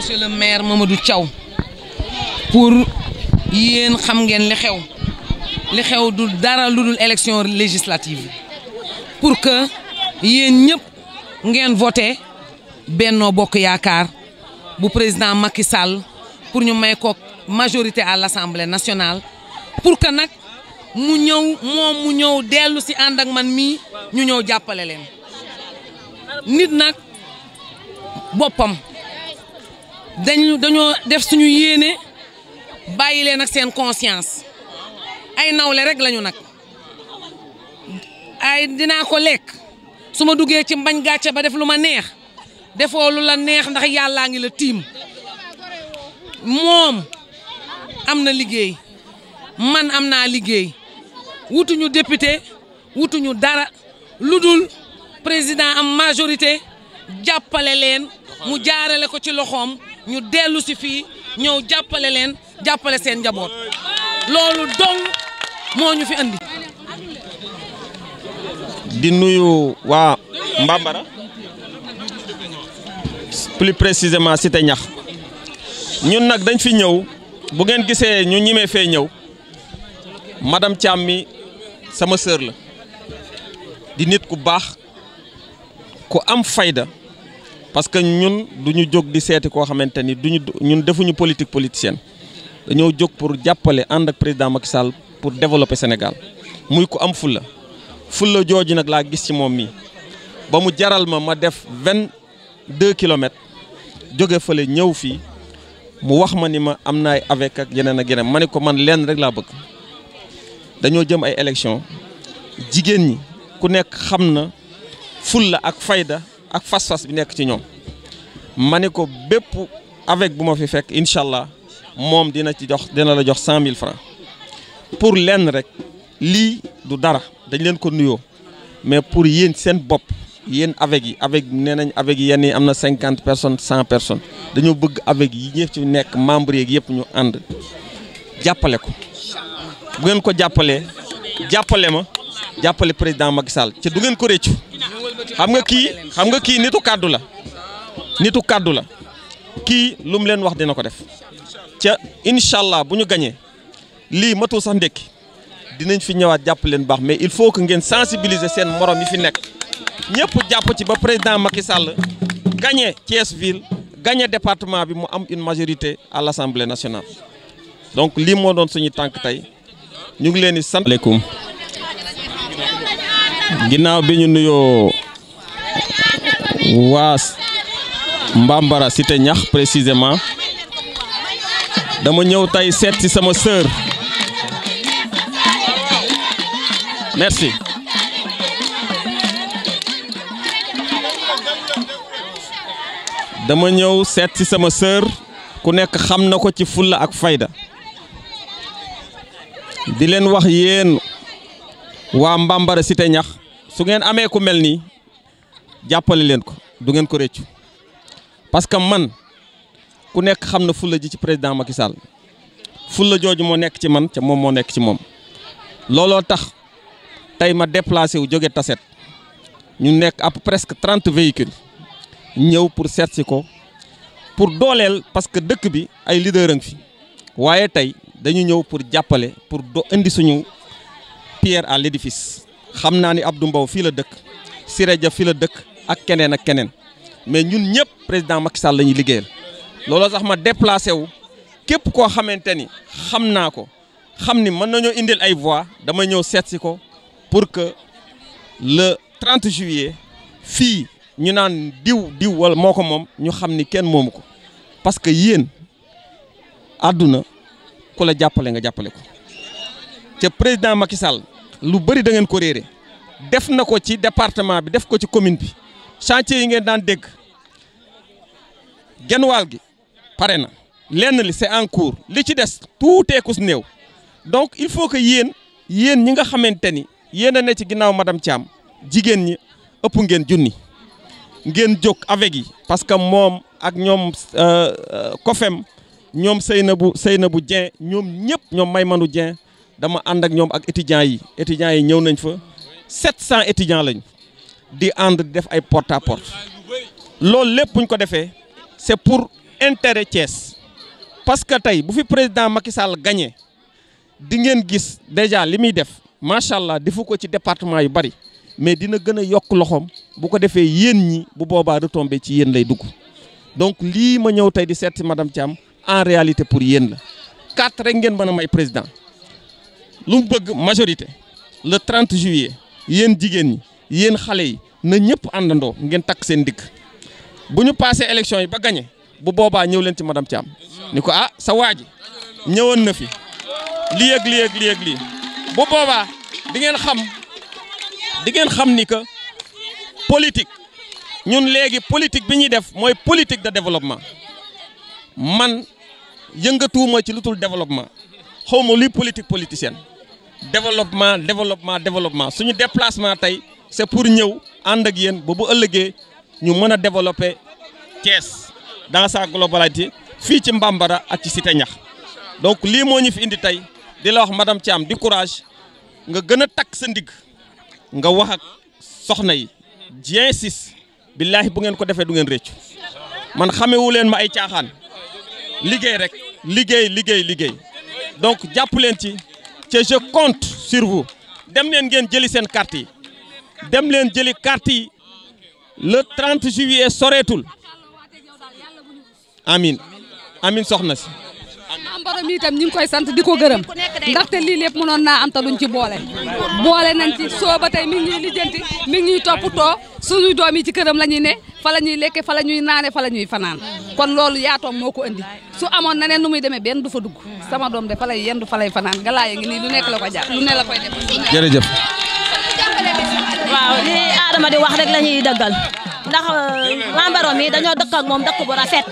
monsieur le maire du Thiaw pour yéen xam ngeen li xew li xew du dara lu dul élection législative pour que yéen ñëpp ngeen voté Benno Bokk Yaakaar bu président Macky Sall pour ñu may ko majorité à l'Assemblée nationale pour que nag mu ñëw moom mu ñëw dellu si ànd ak man mii ñu ñëw jàppale leen nit nag boppam dañu dañoo def suñu yéene bàyyi leen ak seen conscience ay nawle rek lañu nag ay dinaa ko lekk su ma duggee ci mbañ gàcce ba def lu ma neex defoo lu la neex ndax yàllaa ngi la tiim moom am na liggéey man am naa liggéey wutuñu député wutuñu dara lu dul président am majorité jàppale leen mu jaarale ko ci loxoom ñu dellu si fii ñëw jàppale leen jàppale seen njaboot loolu dong moo ñu fi andi. di nuyu waa Mbambara plus précisément cité ñax ñun nag dañ fi ñëw bu ngeen gisee ñu ñimee fee ñëw madame Thiam mi sama sœur la di nit ku baax ku am fayda parce que ñun du ñu jóg di seeti koo xamante ni duñu ñun defuñu politique politicienne dañoo jóg pour jàppale ànd ak président Macky Sall pour développer Sénégal muy ku am fulla fulla jooju nag laa gis ci moom mii ba mu jaral ma ma def vingt deux kilomètres jóge fale ñëw fii mu wax ma ni ma am naay avec ak yeneen ak yeneen ma ne ko man lenn rek laa bëgg dañoo jëm ay élection jigéen ñi ku nekk xam na fulla ak fayda ak fas-fas bi nekk ci ñoom ma ne ko bépp avec bu ma fi fekk incha allah moom dina ci jox dina la jox cent mille francs pour lenn rek lii du dara dañ leen ko nuyoo mais pour yéen seen bopp yéen avec yi avec nee nañ avec yi yenn am na cinquante personnes cent personnes dañoo bëgg avec yi ñëpp ci nekk membres yeeg yëpp ñu ànd jàppale ko bu ngeen ko jàppalee jàppale ma jàppale président Macky Sall ci du ngeen ko réccu xam nga kii xam nga kii nitu kàddu la nitu kàddu la kii lu mu leen wax dina ko def ca incha allah bu ñu gañee lii matul sax ndékki dinañ fi ñëwaat jàpp leen baax mais il faut que ngeen sensibiliser seen morom yi fi nekk ñëpp jàpp ci ba président Macky Sall gagné Thiès ville gagné département bi mu am une majorité à l'Assemblée nationale donc lii moo doon suñu tànk tey ñu ngi leen di sant. ginnaaw bi ñu nuyoo. waa Mbambara cité ñax précisément dama ñëw tey seet si sama sœur merci dama ñëw seet sama sœur ku nekk xam na ko ci fulla ak fayda di leen wax yéen waa Mbambara cité ñax su ngeen amee ku mel nii jàppale leen ko du ngeen ko réccu parce que man ku nekk xam na fulla ji ci président Macky Sall fulla jooju moo nekk ci man ca moom moo nekk ci moom looloo tax tey ma déplacé wu jóge Tassette ñu nekk à peu presque trente véhicules ñëw pour seet ko pour dooleel parce que dëkk bi ay leader ngi fi waaye tey dañu ñëw pour jàppale pour do indi suñu pierre à l'édifice xam naa ni Abdou Mbow fii la dëkk Siré Dia fii la dëkk ak keneen ak keneen mais ñun ñëpp président Macky Sall la ñuy liggéeyal looloo sax ma déplacé wu képp koo xamante ni xam naa ko xam ni mën nañoo indil ay voix dama ñëw seet si ko pour que le 30 juillet fii ñu naan diw diw wala moo ko moom ñu xam ni kenn moomu ko parce que yéen àdduna ku la jàppale nga jàppale ko te président Macky lu bëri da ngeen ko réere def na ko ci département bi def ko ci commune bi chantier yi ngeen daan dégg genn gi pare na lenn li c'est en li ci des si néew donc il faut que yéen yéen ñi nga xamante ni yéen a ne ci ginnaaw madame Thiam jigéen ñi ëpp ngeen junni ngeen jóg avec yi parce que moom ak ñoom COFEM euh, euh, ñoom bu Seynabou bu Dieng ñoom ñëpp ñoom may Maymanu Dieng dama ànd ak ñoom ak étudiants yi étudiants yi ñëw nañ fa 700 étudiants lañ. di ànd def ay porte à porte loolu lépp buñ ko defee c'est pour intérêt Thiès parce que tey bu fi président Macky gañe di ngeen gis déjà li muy def macha allah defu ko ci département yu bari mais dina gën a yokk loxoom bu ko defee yéen ñi bu boobaa retombé ci yéen lay dugg donc lii ma ñëw tey di seeti madame Thiam en réalité pour yéen la quatre rek ngeen mën a may président lu mu bëgg majorité le trente juillet yéen jigéen ñi. yéen xale yi na ñëpp àndandoo ngeen takk seen digg bu ñu passé élection yi ba gagné bu boobaa ñëw leen ci madame Thiam ni ko ah sa waa ji ñëwoon na fi lii ak li ak lii bu boobaa di ngeen xam di ngeen xam ni que politique ñun léegi politique bi ñuy def mooy politique de développement man yëngatuuma ci lutul tul développement xaw ma luy politique politicienne développement développement développement suñu déplacement tey. c'est pour ñëw ànd ak yéen ba bu ëllëgee ñu mën a développer Thiès dans sa globalité fii ci Mbambara ak ci Cité Ñax donc lii moo ñu fi indi tey di la wax madame Thiam di courage nga gën a takk sa ndigg nga wax ak soxna yi j'insiste billaahi bu ngeen ko defee du ngeen réccu man xamewu leen ma ay caaxaan liggéey rek liggéey liggéey liggéey donc jàpp leen ci te je compte sur dem leen ngeen jëli seen carte yi dem leen jëli carte yi le 30 juillet soreetul amin amin soxna si. am borom yi itam ñu ngi koy sant di ko gërëm ndaxte lii lépp mënoon naa am ta luñ ci boole boole nañ ci soo ba tey mi ngi ñuy lijjanti mi ngi ñuy toppatoo suñu doom yi ci këram la ñuy ne fa ñuy lekke fala ñuy naane fala ñuy fanaan kon loolu yaatoom moo ko indi su amoon na nu muy demee benn du fa dugg sama doom de fa lay yendu fa lay fanaan galaaye ngi nii lu nekk la ko jaar lu ne la koy def jërëjëf waaw li Adama di wax rek la ñuy dëggal ndax euh, Lambaréné mi dañoo dëkk ak moom dëkk bu rafet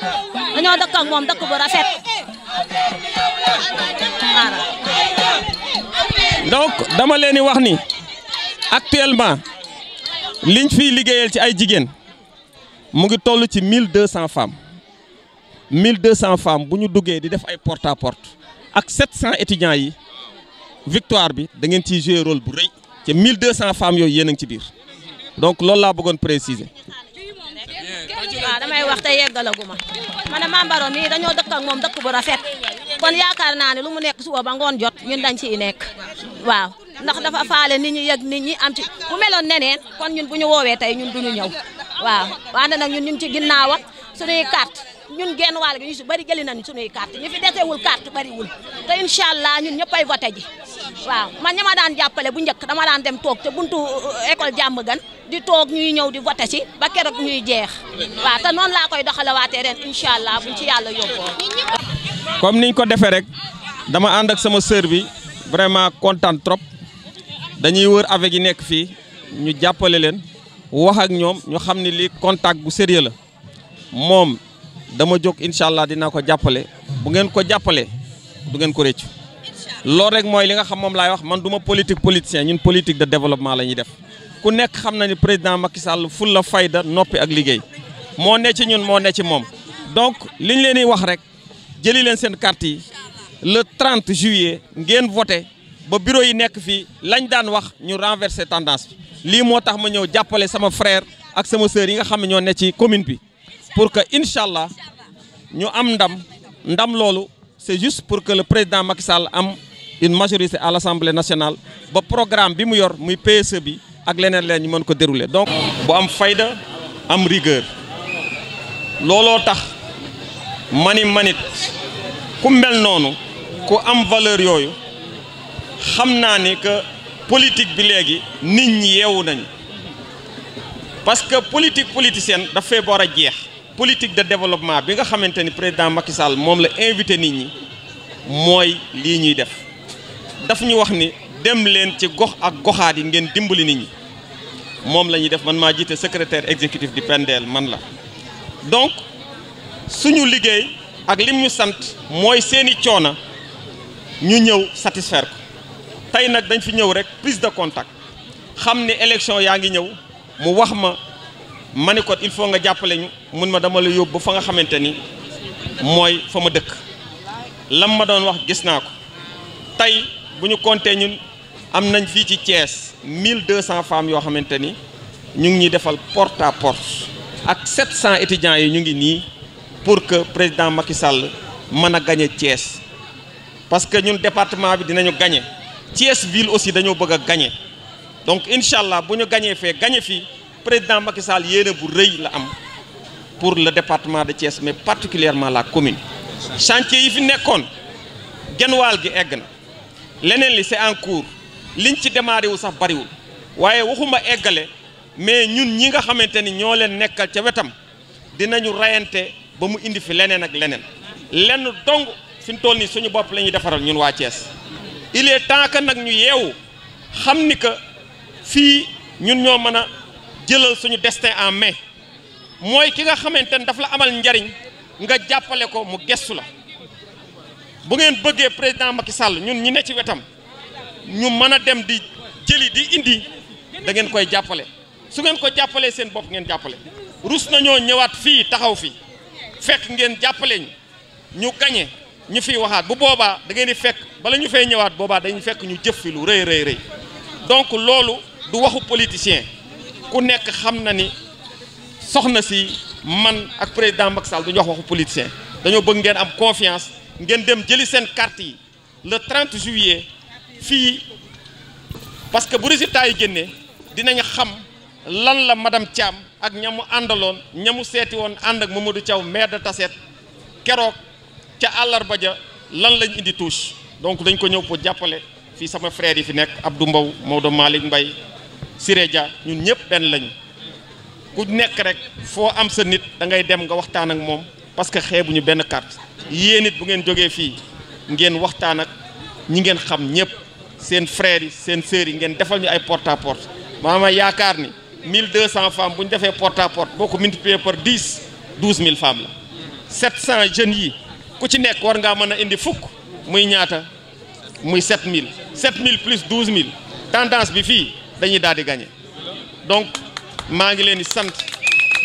dañoo dëkk ak moom dëkk bu rafet voilà. donc dama leen di wax ni actuellement liñ fiy liggéeyal ci ay jigéen mu ngi toll ci 1200 femmes 1200 femmes bu ñu duggee di def ay porte à porte ak 700 étudiants yi victoire bi da ngeen ciy jouer bu rëy. te 1200 femmes yooyu yéen a ngi ci biir donc loolu laa bëggoon préciser. waaw ah, damay wax te yeggalagu ma ma ne Mame Baro mii dañoo dëkk ak moom dëkk bu rafet kon yaakaar naa ne lu mu nekk suba ba ngoon jot ñun dañ ciy nekk waaw ndax dafa faale ni ñi yëg nit ñi am ci bu meloon neneen kon ñun bu ñu woowee tey ñun duñu ñëw waaw wante nag ñun ñu ngi ci ginnaaw ak suñuy carte ñun genn wàll gi ñu si bëri jëli nañ suñuy carte ñu fi desewul carte bëriwul te incha allah ñun ñëppay voté ji waaw man ña ma daan jàppale bu njëkk dama daan dem toog te buntu uh, école jàmm gan di toog ñuy ñëw di voté ci ba keroog ñuy jeex waaw te noonu laa koy doxalawaatee ren incha allah buñ ci yàlla yóbboo. comme niñ ko defee rek dama ànd ak sama sœur bi vraiment kontaan trop dañuy wër avec yi nekk fii ñu jàppale leen wax ak ñoom ñu xam ne lii contact bu sérieux la moom dama jóg incha allah dinaa ko jàppale bu ngeen ko jàppale du ngeen ko réccu loolu rek mooy li nga xam moom laay wax man du ma politique politicien ñun politique de développement la def ku nekk xam na ni président Macky Sall la fayda noppi ak liggéey moo ne ci ñun moo ne moom donc li ñu leen di wax rek jëli leen seen carte yi le trente juillet ngeen voté ba bureau yi nekk fii lañ daan wax ñu renverser tendance bi lii moo tax ma ñëw jàppale sama frère ak sama sœur yi nga xam ne ñoo ne ci commune bi pour que incha allah ñu am ndam ndam loolu c'est juste pour que le président Macky Sall am une majorité à l'Assemblée nationale ba programme bi mu yor muy ps e bi ak leneen leen ñu mën ko dérouler donc bu am fayda am rigueur looloo tax mani manit ku mel noonu ku am valeur yooyu xam naa ni que politique bi léegi nit ñi yeewu nañu parce que politique politicienne daf boor a jeex politique de développement bi nga xamante ni président Macky moom la invité nit ñi mooy lii ñuy def daf ñu wax ni dem leen ci gox ak goxaat yi ngeen dimbali nit ñi moom la ñuy def man maa jiite secrétaire exécutif di PNDL man la donc suñu liggéey ak lim ñu sant mooy seeni coona ñu ñëw satisfaire ko tey nag dañ fi ñëw rek prise de contact xam ne élection yaa ngi ñëw mu wax ma ma ni ko il faut nga jàppale ñu mun ma dama la yóbbu fa nga xamante ni mooy fa ma dëkk lam ma doon wax gis naa ko bu ñu compter ñun am nañ fii ci Thiès 1200 femmes yoo xamante ni ñu ngi ñuy defal porte à porte ak 700 étudiants yi ñu ngi nii pour que président Macky Sall mën a gañe Thiès parce que ñun département bi dinañu gañe Thiès ville aussi dañoo bëgg a gañe donc incha allah bu ñu gañee fee gañe fii président Macky Sall yéene bu rëy la am pour le département de Thiès mais particulièrement la commune chantier yi fi nekkoon genn gi egg na leneen li c'est en cours liñ ci démarré wu sax bariwul waaye waxuma eggale mais ñun ñi nga xamante ni ñoo leen nekkal ca wetam dinañu reyante ba mu indi fi leneen ak leneen lenn dong fi mu toll suñu bopp la ñuy defaral ñun waa cees il est temps que nag ñu yeewu xam ni que fii ñun ñoo mën a jëlal suñu destin en main mooy ki nga xamante ni daf la amal njariñ nga jàppale ko mu gestu la bu ngeen bëggee président Macky Sall ñun ñi ne ci wetam ñu mën a dem di jëli di indi dangeen koy jàppale su ngeen ko jàppalee seen bopp ngeen jàppale rus nañoo ñëwaat fii taxaw fii fekk ngeen jàppale ñu ñu gañe ñu fi waxaat bu boobaa da ngeen di fekk bala ñu fay ñëwaat boobaa dañu fekk ñu jëf fi lu rëy rëy rëy donc loolu du waxu politicien ku nekk xam na ni soxna si man ak président Macky Sall duñu wax waxu politicien dañoo bëgg ngeen am confiance ngeen dem jëli seen carte yi le 30 juillet fii parce que bu résultat yi génnee dinañ xam lan la madame Thiam ak ñamu àndaloon ñamu seeti woon ànd ak moom du caw maire de Tassette keroog ca àllarba ja lan lañ indi touche donc dañ ko ñëw pour jàppale fii sama frère yi fi nekk ab Abdou mbaw Maodo Malick Mbaye Siré Dia ñun ñëpp benn lañu ku nekk rek foo am sa nit da ngay dem nga waxtaan ak moom parce que ñu benn carte yéen it bu ngeen jógee fii ngeen waxtaan ak ñi ngeen xam ñëpp seen frères seen sœurs yi ngeen defal ñu ay porte à porte maama yaakaar ni 1200 femmes bu ñu defee porte à boo ko multiplier par 10 12000 femmes la 700 jeunes yi ku ci nekk war ngaa mën a indi fukk muy ñaata muy 7000 7000 plus 12000 tendance bi fii dañuy daal di gagné donc maa ngi leen di sant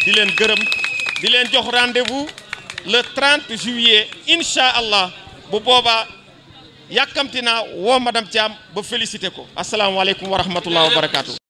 di leen gërëm di leen jox rendez-vous. le 30 juillet incha allah bu boobaa yàkkamti naa woo madame Thiam ba félicité ko asalaamaaleykum wa rahmatullah wa barakaatu.